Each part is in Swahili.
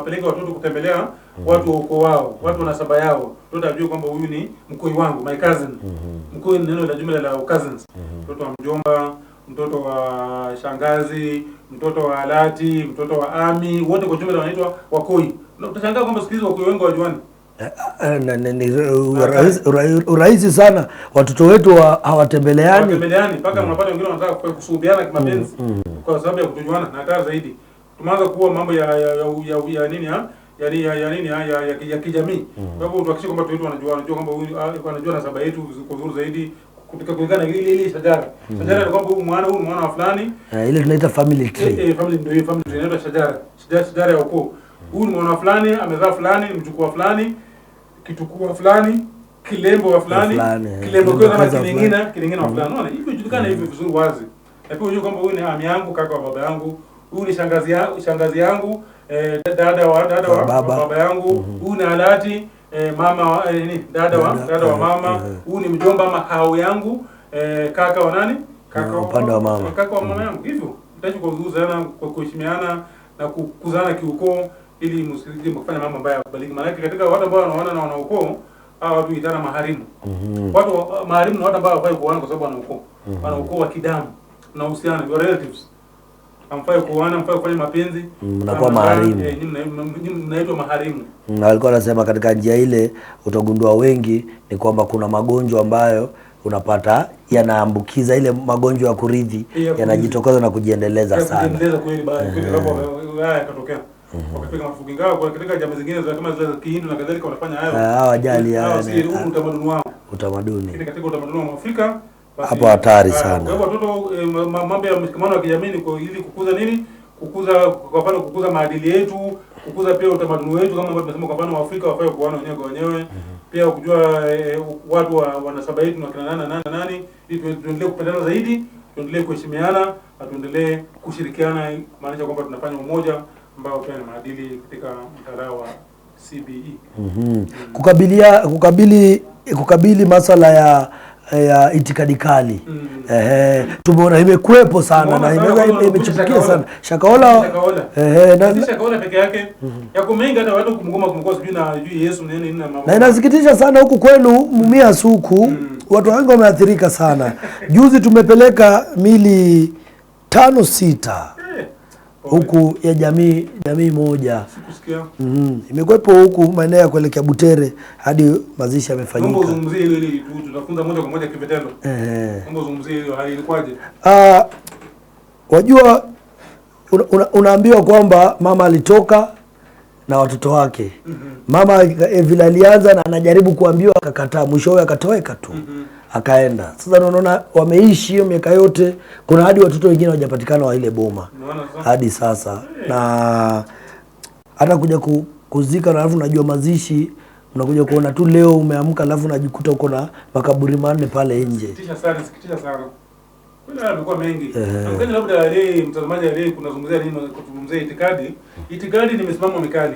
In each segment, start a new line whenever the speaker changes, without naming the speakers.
Wapeleke watoto kutembelea mhm. watu wa ukoo wao, watu wa nasaba yao, mtoto ajue kwamba huyu ni mkoi wangu, my cousin
mhm.
mkoi ni neno la jumla la cousins mhm. mtoto wa mjomba, mtoto wa shangazi, mtoto wa alati, mtoto wa ami, wote kwa jumla wanaitwa wakoi. Utashangaa kwamba siku hizi wakoi wengi wajuani
urahisi eh, eh, sana, watoto wetu hawatembeleani
mpaka mm. mnapata wengine wanataka kusuhubiana kimapenzi mm, mm. kwa sababu ya kutojuana na hata zaidi tumeanza kuwa mambo ya ya, ya, ya, ya nini ha? yaani ya, ya nini ya, ya, ya, ya kijamii. Mm. Kwa hivyo tuhakikishe kwamba watu wetu wanajua wanajua kwamba huyu ah, anajua nasaba yetu kwa uzuri zaidi kutoka kulingana na ile ile shajara. Mm. Shajara ni kwamba mwana huyu mwana wa fulani.
Ah, ile tunaita family eh, tree.
Eh, family ndio family tree inaitwa shajara. Shajara shajara ya ukoo. Mm. Huyu ni mwana fulani, amezaa fulani, mchukua fulani, kitukua fulani, kilembo wa fulani, eh, kilembo kwa kama kiningine, kiningine wa fulani. Unaona? Hivyo julikana hivyo vizuri wazi. Na pia unajua kwamba huyu ni ami yangu, kaka wa baba yangu, huyu ni shangazi yangu, shangazi yangu eh, dada wa dada wa baba, baba yangu mhm. huyu ni alati eh, mama wa eh, ni dada wa dada wa eh, mama eh. huyu ni mjomba makao yangu eh, kaka wa nani
kaka wa upande wa mama
kaka wa mama mhm. yangu. Hivyo mtaji kwa kuzuzana kwa kuheshimiana na kukuzana kiukoo ili msikilize mfanye mambo ambayo kubaliki Maana katika watu ambao wanaona na wanaukoo hawa watu huitana maharimu. Mm -hmm. Watu maharimu na watu ambao wafai kuona kwa sababu wana ukoo. Mm -hmm. Wana wa kidamu na uhusiano wa relatives hamfai kuoana, hamfai kufanya mapenzi,
mm, mnakuwa maharimu.
Eh, mnaitwa maharimu.
Walikuwa mm, wanasema katika njia ile utagundua wengi ni kwamba kuna magonjwa ambayo unapata yanaambukiza, ile magonjwa ya kurithi yanajitokeza na kujiendeleza sana. Eh. Hawajali eh,
mhm. ah,
utamaduni hapo hatari sana.
Kwa watoto, eh, mambo ya mshikamano wa kijamii ili kukuza nini? Kukuza kwa mfano, kukuza maadili yetu, kukuza pia utamaduni wetu, kama ambavyo tumesema, kwa mfano Waafrika wafae kuona wenyewe kwa wenyewe, mhm. pia kujua eh, watu wa wanasaba yetu na kina nani nani nani, ili tuendelee kupendana zaidi, tuendelee kuheshimiana na tuendelee kushirikiana, maanisha kwamba tunafanya umoja ambao pia ni maadili katika mtandao wa CBE.
Mm -hmm. Kukabilia kukabili kukabili masuala ya Eh, ya itikadi kali mm. Eh, tumeona imekuwepo sana na imechipukia sana Shakahola, na inasikitisha sana huku kwenu Mumias huku mm. Watu wengi wameathirika sana. Juzi tumepeleka mili tano sita huku ya jamii jamii moja mm -hmm. imekuwepo huku maeneo ya kuelekea Butere hadi mazishi yamefanyika. Ah, wajua una, unaambiwa kwamba mama alitoka na watoto wake mm -hmm. mama eh, vile alianza na anajaribu kuambiwa akakataa, mwisho huyo akatoweka tu mm -hmm akaenda. Sasa unaona wameishi hiyo miaka yote, kuna hadi watoto wengine hawajapatikana wa ile boma hadi sasa, na hata kuja ku, kuzika, alafu na najua mazishi unakuja kuona tu leo umeamka, alafu unajikuta uko na makaburi manne pale nje.
Sikitisha sana, sikitisha sana. Kuna Mengi. Yeah. Labda leo mtazamaji leo kunazungumzia nini? Kuzungumzia itikadi. Itikadi ni misimamo mikali.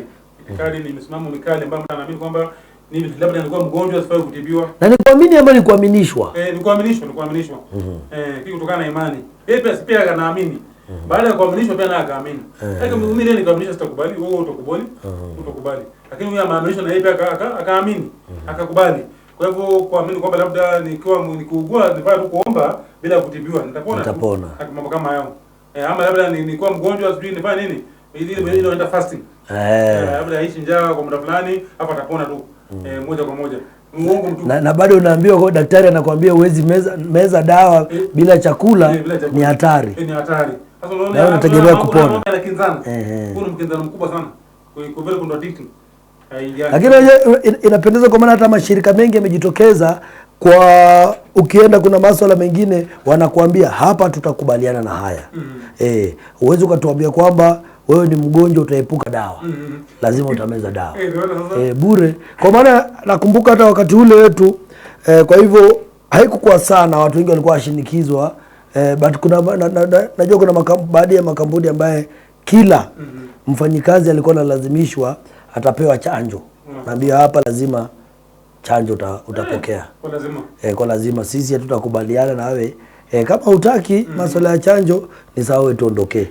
Itikadi ni misimamo mikali ambayo naamini kwamba mimi labda nilikuwa mgonjwa sifai kutibiwa.
Na ama Eh, ni kuaminishwa.
Mm -hmm. Eh, kutokana na imani. Yeye pia sipia anaamini. Mm -hmm. Baada ya kuaminishwa pia naye akaamini. Sasa eh. mimi leo nikaaminishwa sitakubali, wewe utakubali, mhm. utakubali. Lakini huyu amaaminishwa na yeye pia akaamini, mhm. akakubali. Kwa hivyo kuamini kwamba labda nikiwa nikiugua nifaa tu kuomba bila kutibiwa nitapona. Nitapona. Mambo kama hayo. Eh, ama labda nilikuwa mgonjwa sijui nifanye nini? Ili ile inaenda mhm. fasting. Eh. eh, labda aishi njaa kwa muda fulani, hapo atapona tu e, moja kwa moja
Na, na bado unaambiwa kwa daktari anakuambia huwezi meza, meza dawa e, bila chakula eh, bila chakula. Ni hatari e, ni hatari sasa. Unaona unategemea kupona, huu
ni mkubwa sana kwa vile kuna
lakini inapendeza kwa maana hata mashirika mengi yamejitokeza kwa ukienda, kuna masuala mengine wanakuambia hapa tutakubaliana na haya mm -hmm. Eh, huwezi ukatuambia kwamba wewe ni mgonjwa, utaepuka dawa mm, mm. lazima utameza dawa e, bure. Kwa maana nakumbuka hata wakati ule wetu e, kwa hivyo haikukuwa sana, watu wengi walikuwa washinikizwa e, but kuna na, na, na, najua kuna baadhi ya makampuni ambaye kila mm -hmm. mfanyikazi alikuwa analazimishwa atapewa chanjo mm naambia hapa lazima chanjo uta, utapokea kwa lazima. E, kwa lazima sisi hatutakubaliana nawe e, kama hutaki mm -hmm. masuala ya chanjo ni sawa, tuondokee.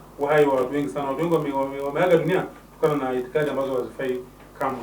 uhai wa watu wengi sana. Watu wengi wameaga dunia kutokana na itikadi ambazo hazifai kamwe.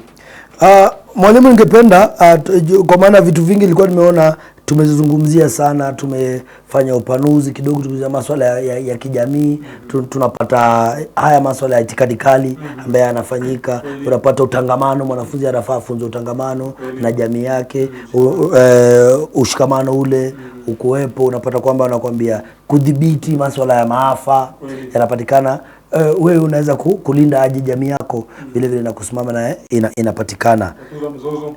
Uh, mwalimu, ningependa uh, kwa maana vitu vingi nilikuwa nimeona tumezizungumzia sana, tumefanya upanuzi kidogo, tukizungumzia masuala ya, ya, ya kijamii mm -hmm. tunapata haya masuala ya itikadi kali mm -hmm. ambayo yanafanyika unapata utangamano, mwanafunzi anafaa afunze utangamano mm na jamii yake uh, ushikamano ule mm -hmm. ukuwepo, unapata kwamba wanakuambia kudhibiti masuala ya maafa mm -hmm. yanapatikana uh, wewe unaweza kulinda aji jamii yako vile vile na kusimama na ina, inapatikana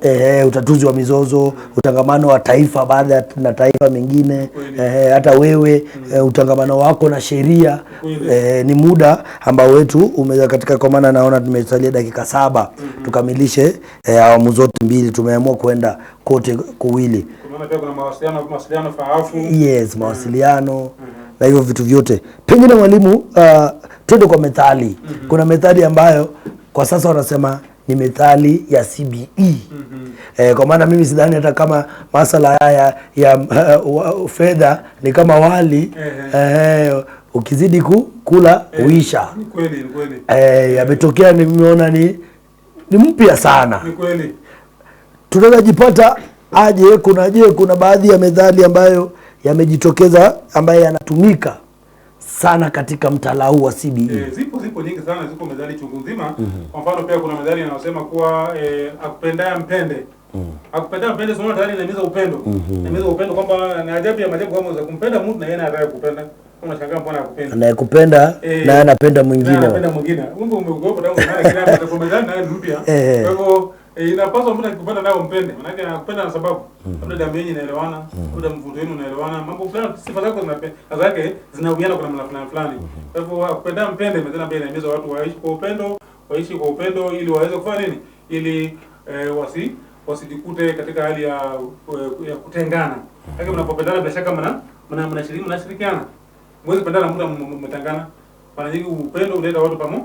eh, utatuzi wa mizozo, utangamano wa taifa baada na taifa mengine eh, hata wewe uh, utangamano wako na sheria eh, ni muda ambao wetu umeweza katika, kwa maana naona tumesalia dakika saba tukamilishe eh, awamu zote mbili, tumeamua kwenda kote kuwili.
Kuna pia kuna mawasiliano, mawasiliano faafu.
Yes, mawasiliano mm -hmm na hivyo vitu vyote. Pengine mwalimu, uh, twende kwa methali mm -hmm. Kuna methali ambayo kwa sasa wanasema ni methali ya CBE mm -hmm. Eh, kwa maana mimi sidhani hata kama masala haya ya uh, fedha ni kama wali eh, eh. Eh, ukizidi ku, kula eh, uisha. Ni Eh, yametokea nimeona ni ni mpya sana. Ni Tunaweza jipata aje kuna je kuna baadhi ya methali ambayo yamejitokeza ambayo yanatumika sana katika mtaala huu wa CBE. E,
eh, zipo zipo nyingi sana, ziko methali chungu nzima. mm -hmm. Kwa mfano pia kuna methali inayosema kuwa e, akupendaye mpende. mm -hmm. Akupendaye mpende, sio tayari inamiza upendo. mm -hmm. Inamiza upendo kwamba ni ajabu ya majabu kama unaweza kumpenda mtu na yeye anataka kupenda unashangaa mbona akupenda.
Anayekupenda e, eh. na anapenda mwingine.
Anapenda mwingine. Mungu umeogopa tangu mara kila mtu kwa mezani na yeye rudi. Kwa hivyo E, inapaswa mtu akikupenda nayo umpende. Maana yake anakupenda na sababu mm. labda damu yenyewe inaelewana, mm. labda mvuto wenu unaelewana, mambo fulani sifa zako zinapenda zake zinahusiana kwa namna fulani fulani. Mm-hmm. Kwa hivyo ah, kupenda mpende tena bila inaweza watu waishi kwa upendo, waishi kwa upendo ili waweze kufanya nini? Ili e, wasi wasijikute katika hali ya eh, ya kutengana. Lakini mm-hmm. mnapopendana bila shaka mna mna mnashirikiana. Mwezi pendana muda mmetangana. Mara nyingi upendo huleta watu pamoja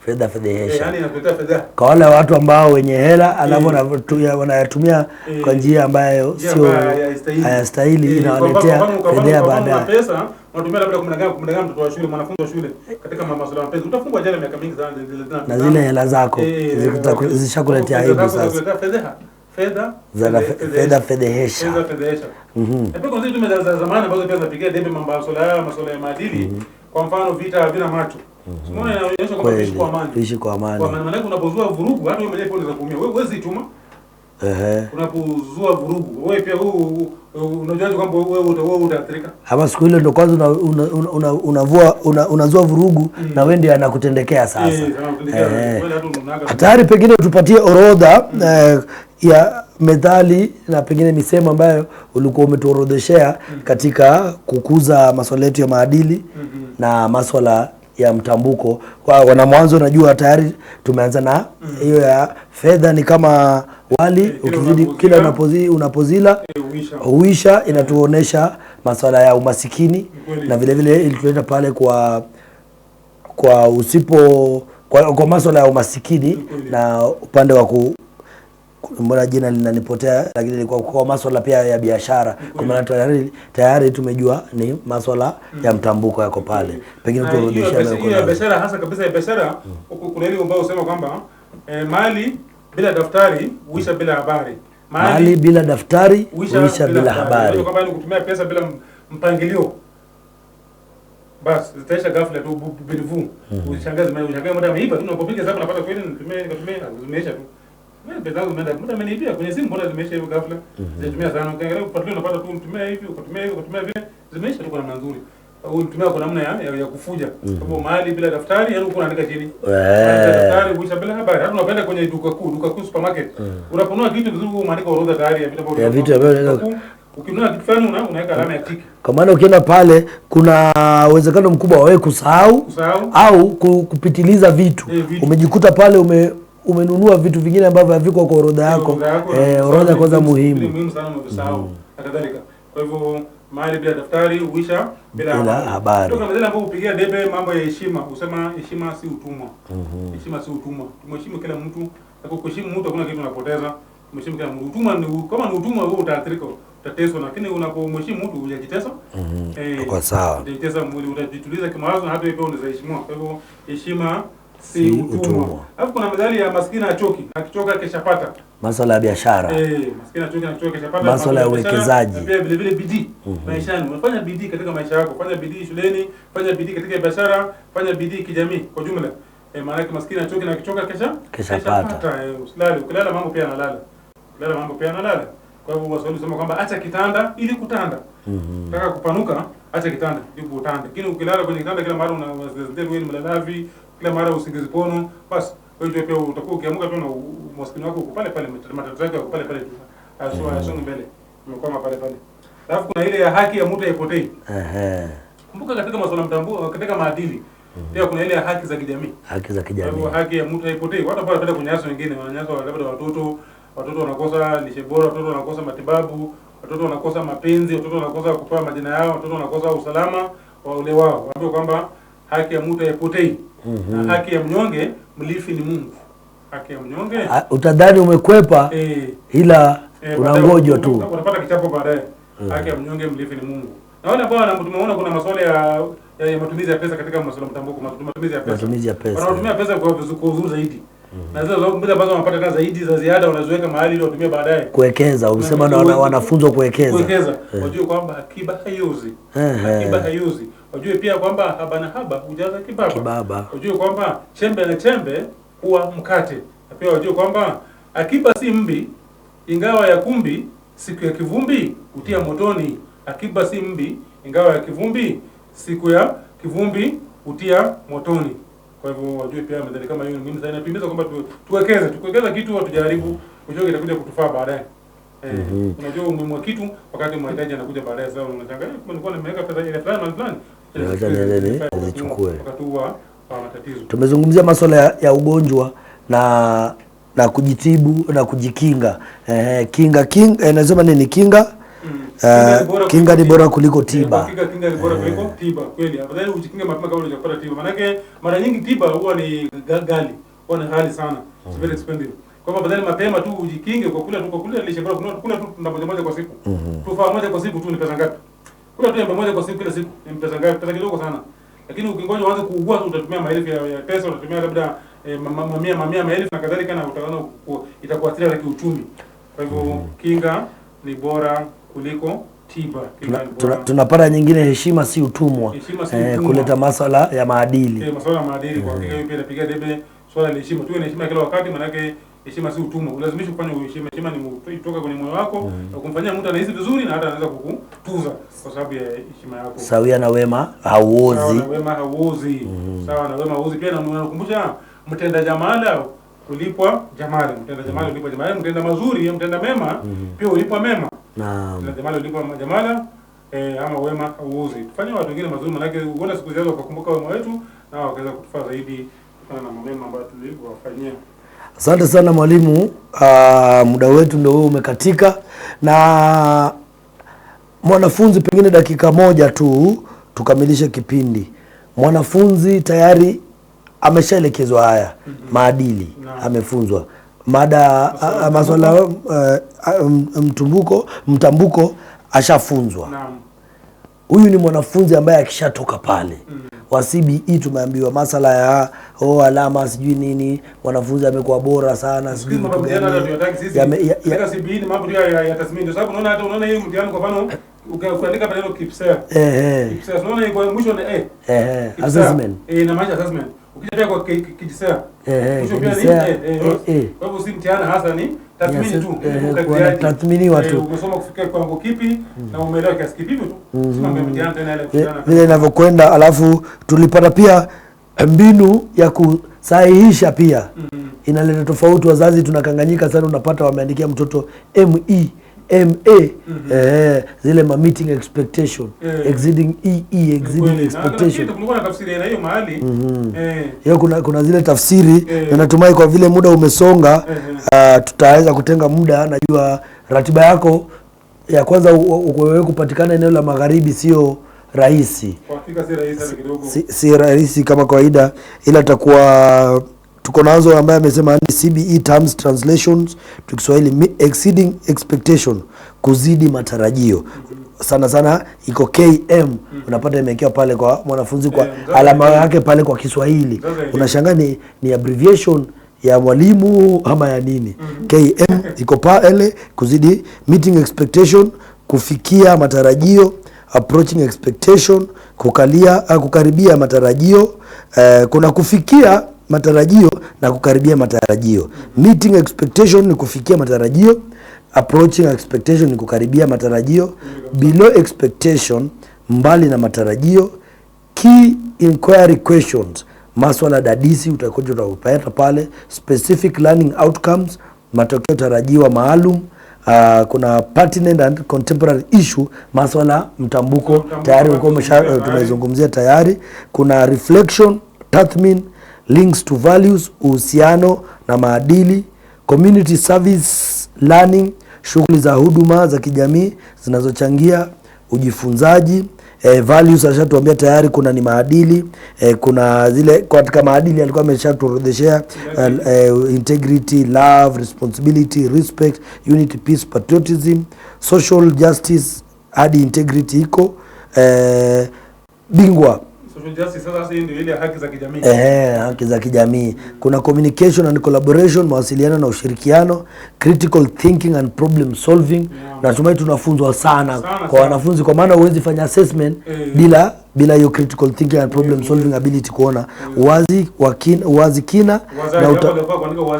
fedha fedhehesha,
yani fedha
kwa wale watu ambao wenye hela alafu eh. wanayatumia eh. kwa njia ambayo sio
hayastahili, eh,
inawaletea fedha baadaye.
Pesa labda mtoto wa shule, mwanafunzi wa shule katika masuala ya utafungwa miaka mingi sana,
na zile hela zako zishakuletea aibu
sasa fedha
fedha fedhehesha. Mhm.
Yaani zamani ambazo pia debe masuala ya maadili, mhm. kwa mfano vita vina macho Mhm.
ishi kwa amani.
unapozua vurugu, hata wewe mwenyewe unaweza kuumia. Wewe huwezi Ehe. Unapozua vurugu. Wewe pia unajua kwamba wewe utaathirika.
Ama siku ile ndio kwanza unavua unazua una, una vurugu mm. na wewe ndiye anakutendekea sasa. Eh, eh, Hatari pengine tupatie orodha mm. eh, ya methali na pengine misemo ambayo ulikuwa umetuorodheshea mm. katika kukuza masuala yetu ya maadili mm -hmm. na masuala ya mtambuko kwa wana mwanzo najua tayari tumeanza na hiyo mm. ya fedha ni kama wali ukizidi kila unapozila, eh, uisha, huisha, inatuonesha masuala ya umasikini Mkweli. na vile vile ilituleta pale kwa kwa usipo kwa, kwa masuala ya umasikini Mkweli. na upande wa mbona jina linanipotea, lakini ilikuwa kwa masuala pia ya biashara, kwa maana tayari tayari tumejua ni masuala ya mtambuko yako pale, pengine turudisha ah, na
kwa biashara hasa kabisa ya biashara. Mm. Kuna ile ambayo usema kwamba eh, mali bila daftari huisha bila habari,
mali bila daftari huisha bila habari.
kwa maana kutumia pesa bila mpangilio, basi zitaisha ghafla tu, bilivu mm. ushangaze, ushangaze muda ameiba tu, unapopiga hesabu unapata kweli nitumie, nikatumia zimeisha tu. Mimi pesa ameniibia kwenye simu mbona zimeisha hivyo ghafla. Mhm. sana. Ukiangalia unapata tu mtumia hivi, ukatumia hivi, ukatumia vile, zimeisha tu kwa namna nzuri. Au mtumia kwa namna ya ya kufuja. Mhm. Sababu mahali bila daftari yaani uko unaandika chini.
Eh. Daftari
bila habari. Hata kwenye duka kuu, duka kuu supermarket, mhm. unaponua kitu vizuri orodha tayari ya vitu ambavyo
ya vitu ambavyo unaweza
ukinunua kitu fulani una, unaweka alama ya tiki.
Kwa maana ukienda pale kuna uwezekano mkubwa wa wewe kusahau au kupitiliza vitu. Eh, vitu. Umejikuta pale ume umenunua vitu vingine ambavyo haviko kwa orodha yako. Eh, orodha kwanza muhimu,
mm. Kwa hivyo mali bila daftari uisha bila habari. Kutoka upigia debe mambo ya heshima, heshima si utumwa. Mhm. Heshima si utumwa. Tumheshimu kila mtu. kuheshimu mtu hakuna kitu unapoteza. kila mtu. Utumwa ni kama ni utumwa wewe utaathirika, utateswa, lakini unapomheshimu mtu mhm. Eh, kwa sawa. mwili, kimawazo na hata pia unaweza heshimiwa. Kwa hivyo heshima si utumwa. Alafu kuna methali ya maskini achoki, akichoka keshapata.
Masuala ya biashara.
Eh, maskini achoki anachoka keshapata.
Masuala ya uwekezaji.
Pia vile vile bidii Maisha maishani. Unafanya bidii katika maisha yako, fanya bidii shuleni, fanya bidii katika biashara, fanya bidii kijamii kwa jumla. Eh, maana yake maskini achoki na kichoka kesha
keshapata.
Eh, usilale, ukilala mambo pia analala. Ukilala mambo pia analala. Kwa hivyo Waswahili wanasema kwamba acha kitanda ili kutanda. Mhm. Mm -hmm. kupanuka acha kitanda ili utande. Lakini ukilala kwenye kitanda kila mara unazidi wewe ni mlalavi, kila mara usingizi kono, basi wewe pia utakuwa ukiamka tu na umaskini wako uko pale pale, matatizo yako pale pale aso ah, asio ah, asonge mbele, umekwama pale pale. Alafu kuna ile ya haki ya mtu haipotei. Ehe, kumbuka katika masuala mtambuo, katika maadili mhm. pia kuna ile ya haki za kijamii,
haki za kijamii,
haki ya mtu haipotei. Watu pale pale kunyaso, wengine wananyaswa labda watoto, watoto wanakosa lishe bora, watoto wanakosa matibabu, watoto wanakosa mapenzi, watoto wanakosa kupewa majina yao, watoto wanakosa usalama wa ule wao, waambie kwamba haki ya mtu haipotei mm -hmm. na haki ya mnyonge mlifi ni Mungu. Haki ya mnyonge
utadhani umekwepa e, ila e, eh, unangojwa tu
unapata kichapo baadaye mm -hmm. haki ya mnyonge mlifi ni Mungu. Na wale ambao tumeona kuna masuala ya, ya, ya matumizi ya pesa katika masuala mtambuko, matumizi ya pesa,
matumizi ya pesa
wanatumia pesa kwa vizuri zaidi Mhm. na zile zile ambazo wanapata kazi zaidi za ziada wanaziweka mahali ili watumie baadaye
kuwekeza. Umesema na wanafunzwa kuwekeza,
kuwekeza eh. wajue kwamba akiba hayuzi, eh, eh. akiba hayuzi. Wajue pia kwamba haba na haba hujaza kibaba, kibaba. Wajue kwamba chembe na chembe huwa mkate, na pia wajue kwamba akiba si mbi, ingawa ya kumbi siku ya kivumbi utia mm. motoni. Akiba si mbi, ingawa ya kivumbi siku ya kivumbi utia motoni. Kwa hivyo wajue pia madhara kama hiyo ni muhimu sana. Tunaweza kwamba tuwekeze, tukiwekeza kitu hatujaribu, mwisho kitakuja kutufaa baadaye. Eh, mm -hmm. Unajua umuhimu wa kitu wakati mahitaji anakuja baadaye sasa unachanganya kama eh, nilikuwa nimeweka pesa ile fulani na fulani.
Naweza nene nichukue.
Wakati huwa matatizo.
Tumezungumzia masuala ya, ya ugonjwa na na kujitibu na kujikinga. Eh, kinga king, eh, nasema nini kinga? Uh, kinga ni bora kuliko tiba.
Kinga kinga ni bora eh. kuliko tiba kweli. Afadhali ujikinge mapema kabla hujapata tiba. mara nyingi tiba huwa ni ghali, huwa ni ghali sana. It's very expensive. Kwa hivyo afadhali mapema tu ujikinge kwa kula tu kwa kula lishe bora kuna tu tunda moja moja kwa siku. Mhm. Tufaa moja kwa siku tu ni pesa ngapi? Kula tu moja kwa siku kila siku ni pesa ngapi? Pesa kidogo sana. Lakini ukingoja uanze kuugua tu utatumia maelfu ya pesa, utatumia labda eh, mamia mamia maelfu na kadhalika na utaona itakuathiri kiuchumi. Kwa hivyo mhm. kinga ni bora kuliko tiba.
Tunapata tuna, tuna, nyingine heshima si utumwa, Eh, kuleta maswala ya maadili
eh, maswala ya maadili kwa eh. hakika pia napiga debe swala la heshima. Tuwe na heshima kila wakati, maana yake heshima si utumwa. Ulazimishwe kufanya heshima. Heshima ni kutoka kwenye moyo wako mm, na kumfanyia mtu anahisi vizuri na hata anaweza kukutuza kwa sababu ya heshima yako.
Sawia na wema hauozi. Sawa
na wema hauozi. Mm. Sawa na wema hauozi. Pia nakumbusha mtenda jamala kulipwa jamali, mtenda jamali kulipwa mm. jamali, mtenda mazuri, mtenda mema mm. pia ulipwa mema. Naam. ulipo eh, ama wema uuzi. watu wengine mazuri manake uone siku zijazo wakakumbuka wema wetu na wakaweza kutufaa zaidi kutokana na mema ambayo
Asante sana mwalimu. Uh, muda wetu ndio huo umekatika, na mwanafunzi pengine dakika moja tu tukamilishe kipindi. Mwanafunzi tayari ameshaelekezwa haya mm -hmm. maadili amefunzwa mada maswala uh, mtumbuko mtambuko ashafunzwa. Huyu ni mwanafunzi ambaye akishatoka pale mm wa CBE tumeambiwa masala ya oh, alama sijui nini, mwanafunzi amekuwa bora sana sijui
e mambo ya ya tathmini, kwa sababu unaona hata unaona hii mtihani kwa mfano ukiandika maneno kwa mwisho eh
eh assessment
eh, na maana assessment ukija kwa KPSEA Eh, eh, eh, Kwa hivyo si mtihani hasa, ni tathmini tu,
tathminiwa tu,
umesoma kufikia kiwango kipi na umeelewa kiasi tu, mhm.
vile inavyokwenda. Alafu tulipata pia mbinu ya kusahihisha pia, mhm. inaleta tofauti. Wazazi tunakanganyika sana, unapata wameandikia mtoto ME EMA mm -hmm. Eh, zile ma meeting expectation yeah. Exceeding EE exceeding expectation tafsiri mhm. eh. hiyo, kuna kuna zile tafsiri yeah. Na natumai kwa vile muda umesonga yeah.
Eh,
eh. Uh, tutaweza kutenga muda, najua ratiba yako ya kwanza wewe kupatikana eneo la magharibi sio rahisi, si si rahisi kama kawaida, ila takuwa tuko nazo ambaye amesema ni CBE terms translations to Kiswahili exceeding expectation, kuzidi matarajio sana sana iko KM hmm. unapata imewekewa pale kwa mwanafunzi kwa yeah, alama yake pale kwa Kiswahili, unashangaa ni, ni abbreviation ya mwalimu ama ya nini? KM mm-hmm. iko pale kuzidi meeting expectation, kufikia matarajio approaching expectation, kukalia ah, kukaribia matarajio eh, kuna kufikia matarajio na kukaribia matarajio. Meeting expectation ni kufikia matarajio, approaching expectation ni kukaribia matarajio, below expectation mbali na matarajio, key inquiry questions maswala dadisi utakuja utapata pale, specific learning outcomes matokeo tarajiwa maalum. Uh, kuna pertinent and contemporary issue maswala mtambuko, mtambuko tayari ulikuwa tumezungumzia tayari. Kuna reflection tathmin links to values, uhusiano na maadili, community service, learning, shughuli za huduma za kijamii zinazochangia ujifunzaji. E, values alishatuambia tayari, kuna ni maadili e, kuna zile katika maadili alikuwa ameshatuorodheshea e, eh, integrity, love, responsibility, respect, unity, peace, patriotism, social justice hadi integrity iko e, bingwa haki za kijamii. Eh, haki za kijamii kuna communication and collaboration, mawasiliano na ushirikiano, critical thinking and problem solving yeah. Natumai tunafunzwa sana, sana kwa Wanafunzi kwa maana huwezi fanya assessment eh, bila bila hiyo critical thinking and problem eh. solving ability kuona eh. wazi wa kina, wazi kina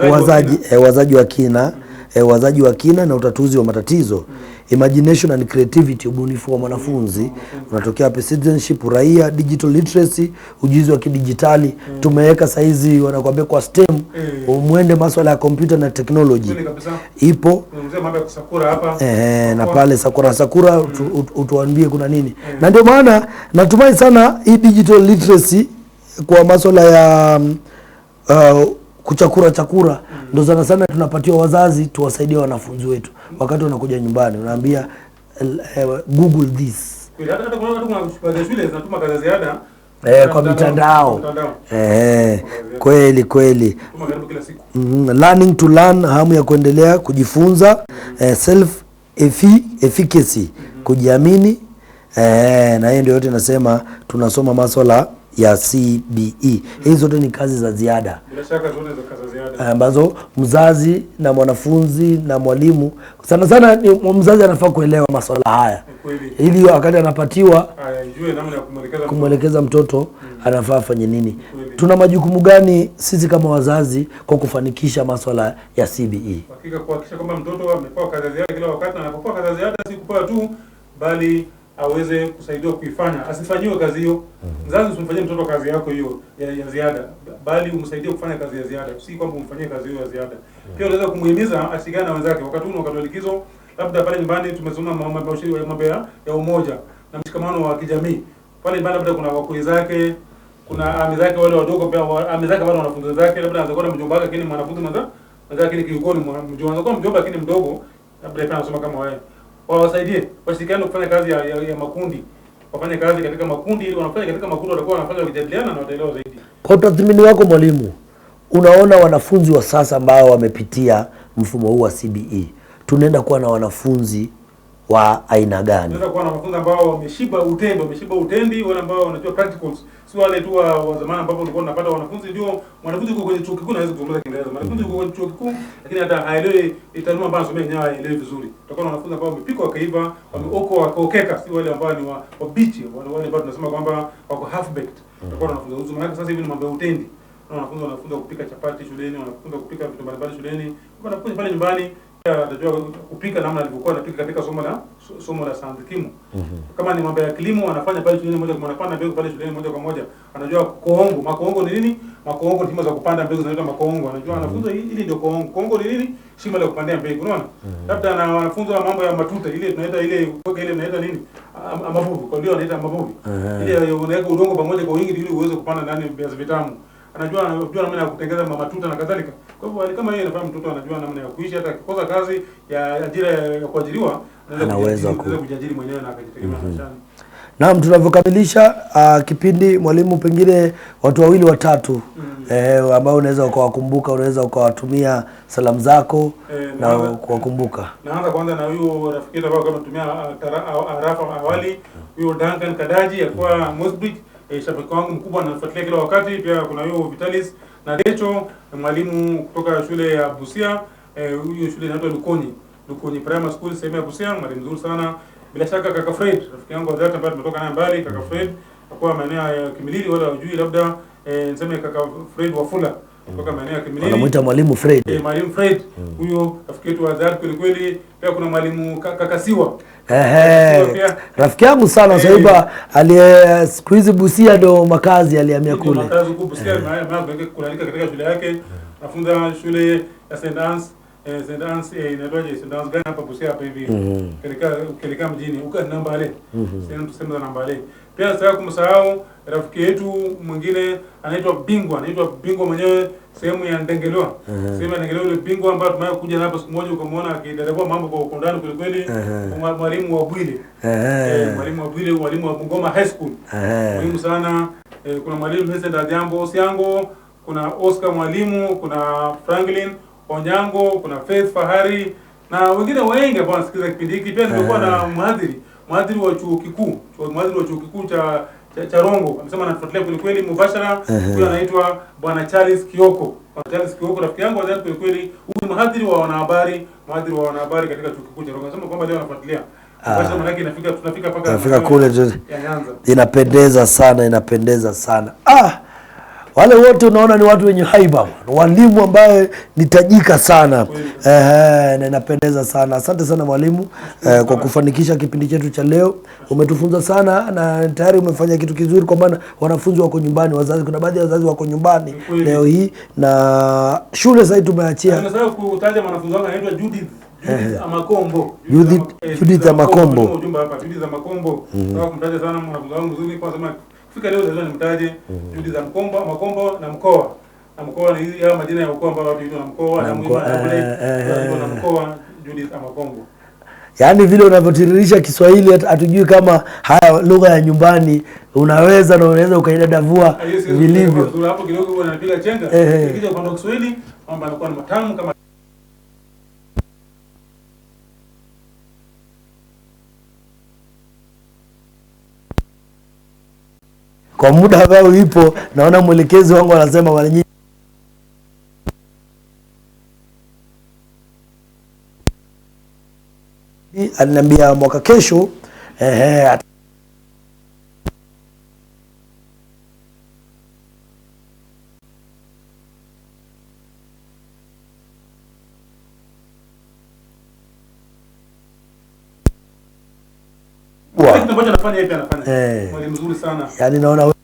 na
wazaji eh, wa kina e, wazaji wa kina na utatuzi wa matatizo mm. Imagination and creativity, ubunifu wa mwanafunzi mm. Unatokea hapa Citizenship, uraia, digital literacy, ujuzi wa kidijitali mm. Tumeweka saizi wanakuambia kwa STEM mm. Umwende maswala ya computer na technology ipo
mm.
E, na pale sakura sakura mm. ut, utuambie kuna nini mm. Na ndio maana natumai sana hii digital literacy kwa maswala ya mm, uh, kuchakura chakura mm. Ndo sana sana tunapatiwa wazazi tuwasaidie wanafunzi wetu wakati wanakuja nyumbani, unaambia eh, google this eh, kwa mitandao eh, kweli kweli mm, learning to learn, hamu ya kuendelea kujifunza eh, self efficacy mm-hmm. kujiamini eh, na hiyo ndio yote nasema tunasoma maswala ya CBE. Hizi zote ni kazi za ziada eh, ambazo mzazi na mwanafunzi na mwalimu sana sana, ni mzazi anafaa kuelewa masuala haya ili wakati anapatiwa kumwelekeza mtoto hmm, anafaa afanye nini. Tuna majukumu gani sisi kama wazazi kwa kufanikisha masuala ya CBE?
Hakika kuhakikisha kwamba mtoto amepewa kazi ya ziada kila wakati, na anapopewa kazi ya ziada si kupewa tu bali aweze kusaidiwa kuifanya, asifanyiwe kazi hiyo. Mhm. Mzazi usimfanyie mtoto kazi yako hiyo ya, ya ziada, bali umsaidie kufanya kazi ya ziada, si kwamba umfanyie kazi hiyo ya ziada. Mhm. Pia unaweza kumhimiza asigane na wenzake wakati huu, wakati likizo, labda pale nyumbani tumesoma mambo ya, ya umoja na mshikamano wa kijamii pale nyumbani, labda kuna wakui zake kuna ami zake wale wadogo pia ami zake wale wanafunzi zake, labda anaweza kuwa na mjomba wake, lakini mwanafunzi mwenza mwenza, lakini kiukoni mjomba anaweza anakuwa mjomba, lakini mdogo, labda pia anasoma kama wewe wawasaidie washirikiane kufanya kazi ya, ya, ya makundi wafanye kazi katika makundi, ili wanafanya katika makundi watakuwa wanafanya wakijadiliana na wataelewa zaidi.
Kwa utathmini wako mwalimu, unaona wanafunzi wa sasa ambao wamepitia mfumo huu wa CBE tunaenda kuwa na wanafunzi wa aina gani? Tunaenda
kuwa na wanafunzi ambao wameshiba utendo, wameshiba utendi, wale ambao wanajua practicals si wale tu wa zamani ambapo ulikuwa unapata wanafunzi ndio wanafunzi kwa kwenye chuo kikuu naweza kuzungumza Kiingereza, wanafunzi kwa kwenye chuo kikuu lakini hata haelewi taaluma ambayo anasomea yenyewe haelewi vizuri. Tutakuwa na wanafunzi ambao wamepikwa wakaiva, wameoko wakaokeka, si wale ambao ni wa bichi, wale wale ambao tunasema kwamba wako half baked. Tutakuwa na wanafunzi wazuri, maana sasa hivi ni mambo ya utendi. Wanafunzi wanafunzwa kupika chapati shuleni, wanafunzwa kupika vitu mbalimbali shuleni, wanafunzi pale nyumbani atajua kupika namna alivyokuwa anapika katika somo la somo la sanzikimu. Mm -hmm. Kama ni mambo ya kilimo anafanya pale shuleni moja kwa moja, anapanda mbegu pale shuleni moja kwa moja. Anajua koongo, makoongo ni nini? Makoongo ni shimo za kupanda mbegu zinaitwa makoongo. Anajua mm -hmm. Anafunza hili ndio koongo. Koongo ni nini? Shimo la kupandia mbegu, unaona? Mm -hmm. Labda ana wanafunza mambo ya matuta, ile tunaita ile koke ile tunaita nini? Mavuvi. Kwa ndio anaita mavuvi. Mm -hmm. Ile unaweka udongo pamoja kwa wingi ili uweze kupanda ndani viazi vitamu anajua anajua namna ya kutengeneza mama tuta na kadhalika. Kwa hivyo hali kama yeye anafahamu mtoto anajua namna ya kuishi, hata akikosa kazi ya ajira ya kuajiriwa anaweza kujiajiri mwenyewe na akajitegemea mm -hmm. maishani.
Naam, tunavyokamilisha uh, kipindi mwalimu, pengine watu wawili watatu mm. -hmm. eh, ambao unaweza ukawakumbuka, unaweza ukawatumia salamu zako eh, na kuwakumbuka.
Naanza kwanza na huyo rafiki yetu ambaye kama tumia arafa ah, ah, awali, mm. huyo Duncan Kadaji alikuwa Mosbridge e, eh, shabiki wangu mkubwa anafuatilia kila wakati. Pia kuna hiyo Vitalis na Decho, mwalimu kutoka shule ya Busia, eh, huyo e, shule inaitwa Lukoni, Lukoni Primary School sehemu ya Busia, mwalimu mzuri sana. Bila shaka kaka Fred, rafiki yangu wa dhati ambaye tumetoka naye mbali, kaka mm. Fred kwa maeneo ya Kimilili, wala hujui labda e, eh, nseme kaka Fred Wafula mm. kutoka maeneo ya Kimilili.
Anamuita mwalimu Fred. e,
mwalimu Fred. Mm. Huyo rafiki yetu wa dhati kweli kweli. Pia kuna mwalimu kaka Siwa
Ehe, rafiki yangu sana Swaiba aliye siku hizi Busia ndo makazi aliamia kule.
Makazi huko Busia katika shule yake, nafunza shule ya St. Anne's eh, St. Anne's eh, St. Anne's gani hapa Busia hapa hivi. Mhm. mjini uka namba ile. Mhm. namba ile. Pia sasa kumsahau rafiki yetu mwingine anaitwa Bingwa, anaitwa Bingwa mwenyewe sehemu ya Ndengelewa. Uh -huh. Sehemu ya Ndengelewa ile Bingwa ambayo tumaye kuja hapa siku moja ukamwona akidadavua mambo kwa ukondani kweli kweli. Uh -huh. Mwalimu wa Bwile.
Uh -huh. Eh,
mwalimu wa Bwile, mwalimu wa Bungoma High School. Uh -huh. Muhimu sana. Eh, kuna mwalimu Hesse Ndajambo Osiango, kuna Oscar mwalimu, kuna Franklin Onyango, kuna Faith Fahari na wengine wengi ambao wanasikiliza kipindi hiki. Pia nilikuwa na mhadhiri, mhadhiri wa chuo kikuu, mhadhiri wa chuo kikuu cha Charongo amesema anafuatilia kweli kweli mubashara. Huyu anaitwa Bwana Charles Kioko. Bwana Charles Kioko rafiki yangu ajabu kweli kweli, huyu mhadhiri wa wanahabari, mhadhiri wa wanahabari katika chuo kikuu cha Charongo. Anasema kwamba leo anafuatilia. Ah, inafika
kule Inapendeza sana, inapendeza sana. Ah! wale wote unaona ni watu wenye haiba, walimu ambaye ni tajika sana ehe, na inapendeza sana. Asante sana mwalimu eh, kwa kufanikisha kipindi chetu cha leo. Umetufunza sana na tayari umefanya kitu kizuri, kwa maana wanafunzi wako nyumbani, wazazi, kuna baadhi ya wazazi wako nyumbani leo hii na shule sasa tumeachia
Amakombo,
Judith Makombo.
Kufika leo naweza nimtaje mhm. juhudi za Mkomba, Makombo na Mkoa. Na Mkoa ni haya majina ya ukoo ambao watu na Mkoa na Mkoa eh, eh, na eh. Mkoa juhudi za Makombo.
Yaani vile unavyotiririsha Kiswahili hatujui kama haya lugha ya nyumbani unaweza na unaweza ukaidadavua
vilivyo. Hapo kidogo bwana anapiga chenga. Ikija kwa Kiswahili mambo yanakuwa matamu kama
kwa muda ambao ipo, naona mwelekezi wangu anasema wale nyinyi aliniambia mwaka kesho at
anafanya, anafanya. Hey. Eh. Mwalimu mzuri sana.
Yaani naona